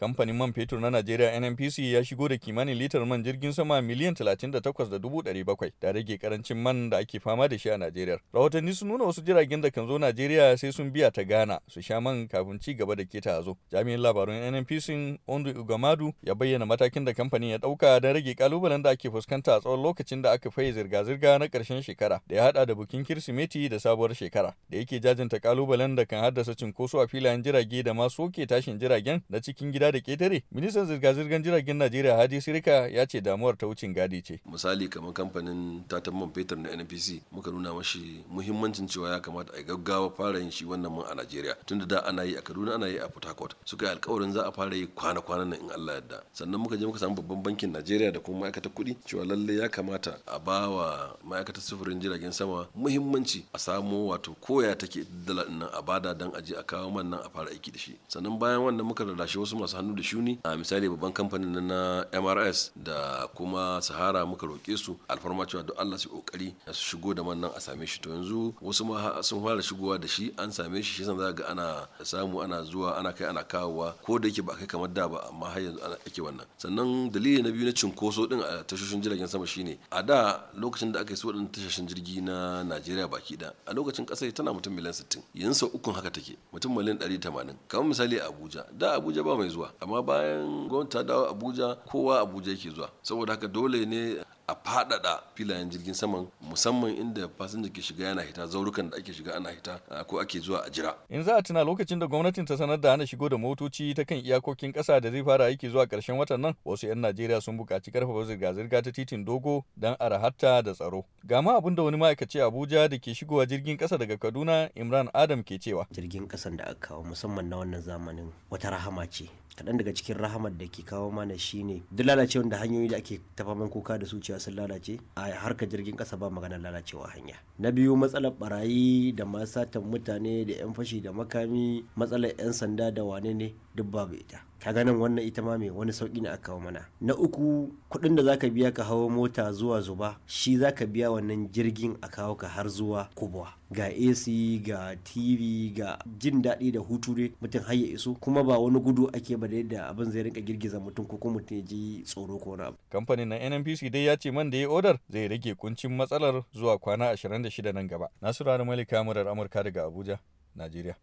kamfanin man fetur na Najeriya NNPC ya shigo da kimanin litar man jirgin sama miliyan 38,700 da rage karancin man da ake fama da shi a Najeriya. Rahotanni sun nuna wasu jiragen da kan zo Najeriya sai sun biya ta Ghana su sha man kafin ci gaba da keta zo. Jami'in labarun NNPC Ondu Ugamadu ya bayyana matakin da kamfanin ya dauka don rage kalubalen da ake fuskanta a tsawon lokacin da aka faye zirga-zirga na karshen shekara da ya hada da bukin Kirsimeti da sabuwar shekara da yake jajinta kalubalen da kan haddasa cinkoso a filayen jirage da ma soke tashin jiragen na cikin gida da ƙetare ministan zirga-zirgar jiragen najeriya hadi sirika ya ce damuwar ta wucin gadi ce misali kamar kamfanin tatan man fetur na npc muka nuna mashi muhimmancin cewa ya kamata a gaggawa fara yin shi wannan man a najeriya tun da ana yi a kaduna ana yi a port harcourt suka yi alkawarin za a fara yi kwana kwana nan in allah yadda sannan muka je muka samu babban bankin najeriya da kuma ma'aikatar kuɗi cewa lallai ya kamata a ba wa ma'aikatar sufurin jiragen sama muhimmanci a samo wato koya take dala nan a bada don aji a kawo man nan a fara aiki da shi sannan bayan wannan muka rarrashi wasu masu hannu da shuni a misali babban kamfanin na mrs da kuma sahara muka roƙe su alfarma cewa duk allah su kokari su shigo da wannan a same shi to yanzu wasu ma sun fara shigowa da shi an same shi shi za ga ana samu ana zuwa ana kai ana kawowa ko da yake ba kai kamar da ba amma har yanzu ana ake wannan sannan dalili na biyu na cinkoso din a tashoshin jiragen sama shine a da lokacin da aka yi su waɗannan tashoshin jirgi na najeriya baki da a lokacin ƙasar tana mutum miliyan 60 yanzu sau ukun haka take mutum miliyan 180 kamar misali abuja da abuja ba mai zuwa amma bayan gwamnati ta dawo abuja kowa abuja yake zuwa saboda haka dole ne a faɗaɗa filayen jirgin saman musamman inda fasinja ke shiga yana hita zaurukan da ake shiga ana hita ko ake zuwa a jira. In za a tuna lokacin da gwamnatin ta sanar da hana shigo da motoci ta kan iyakokin ƙasa da zai fara aiki zuwa ƙarshen watan nan wasu 'yan Najeriya sun buƙaci karfafa zirga-zirga ta titin dogo don arahatta da tsaro. gama ma abin da wani ma'aikaci Abuja da ke shigowa jirgin kasa daga Kaduna Imran Adam ke cewa. Jirgin ƙasan da aka kawo musamman na wannan zamanin wata rahama ce. Kaɗan daga cikin rahamar da ke kawo mana shine duk lalacewar da hanyoyi da ake tafaman kuka da su cewa sun lalace a harkar jirgin kasa ba magana lalacewa hanya. Na biyu matsalar barayi da masatan mutane da 'yan fashi da makami matsalar 'yan sanda da wane ne duk babu ita. ka ganin wannan ita ma mai wani sauki ne aka kawo mana na uku kuɗin da zaka biya ka hawo mota zuwa zuba shi zaka biya wannan jirgin a kawo ka har zuwa kubwa ga ac ga tv ga jin daɗi da hutu ne mutum har ya iso kuma ba wani gudu ake ba da yadda abin zai rinka girgiza mutum ko kuma mutum ya ji tsoro ko wani abu kamfanin na nnpc dai ya ce man da ya odar zai rage kuncin matsalar zuwa kwana 26 nan gaba nasiru da malika murar amurka daga abuja najeriya